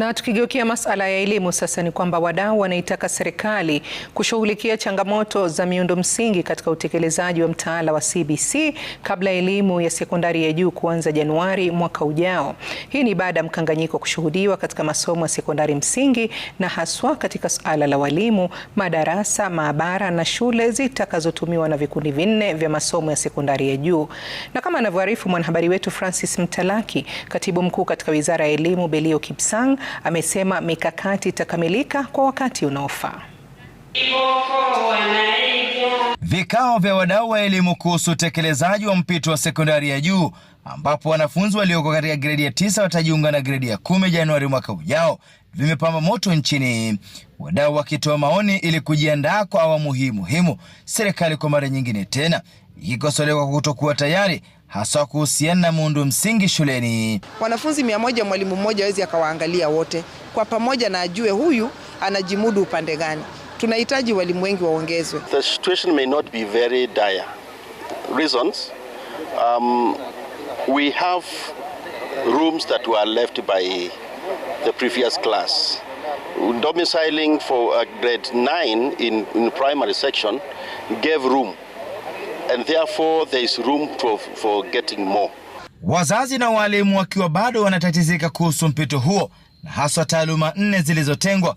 Na tukigeukia masuala ya elimu sasa, ni kwamba wadau wanaitaka serikali kushughulikia changamoto za miundo msingi katika utekelezaji wa mtaala wa CBC kabla elimu ya sekondari ya juu kuanza Januari mwaka ujao. Hii ni baada ya mkanganyiko kushuhudiwa katika masomo ya sekondari msingi na haswa katika suala la walimu, madarasa, maabara na shule zitakazotumiwa na vikundi vinne vya masomo ya sekondari ya juu. Na kama anavyoarifu mwanahabari wetu Francis Mtalaki, katibu mkuu katika Wizara ya Elimu Belio Kipsang amesema mikakati itakamilika kwa wakati unaofaa. Vikao vya wadau wa elimu kuhusu utekelezaji wa mpito wa sekondari ya juu ambapo wanafunzi walioko katika gredi ya tisa watajiunga na gredi ya kumi Januari mwaka ujao vimepamba moto nchini, wadau wakitoa maoni ili kujiandaa kwa awamu hii muhimu, serikali kwa mara nyingine tena ikikosolewa kwa kutokuwa tayari haswa kuhusiana na muundo msingi shuleni. Wanafunzi mia moja, mwalimu mmoja awezi akawaangalia wote kwa pamoja na ajue huyu anajimudu upande gani. Tunahitaji walimu wengi waongezwe. The situation may not be very dire. Reasons, um, we have rooms that were left by the previous class. Domiciling for uh, grade 9 in, in primary section gave room and therefore there is room to, for getting more. Wazazi na walimu wakiwa bado wanatatizika kuhusu mpito huo na haswa taaluma nne zilizotengwa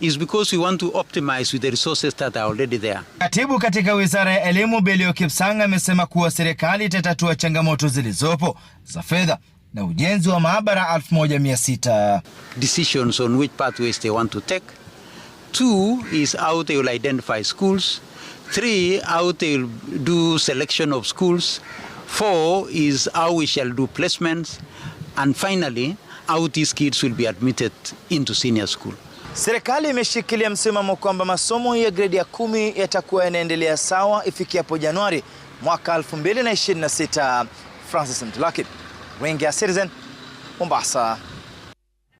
is because we want to optimize with the resources that are already there. Katibu katika Wizara ya Elimu Belio Kipsang amesema kuwa serikali itatatua changamoto zilizopo za fedha na ujenzi wa maabara 1600. Decisions on which pathways they want to take. Two is how they will identify schools. Three, how they will do selection of schools. Four is how we shall do placements. And finally, how these kids will be admitted into senior school. Serikali imeshikilia msimamo kwamba masomo ya gredi ya kumi yatakuwa yanaendelea sawa ifikiapo Januari mwaka 2026. Francis Mtulaki, Ringia Citizen, Mombasa.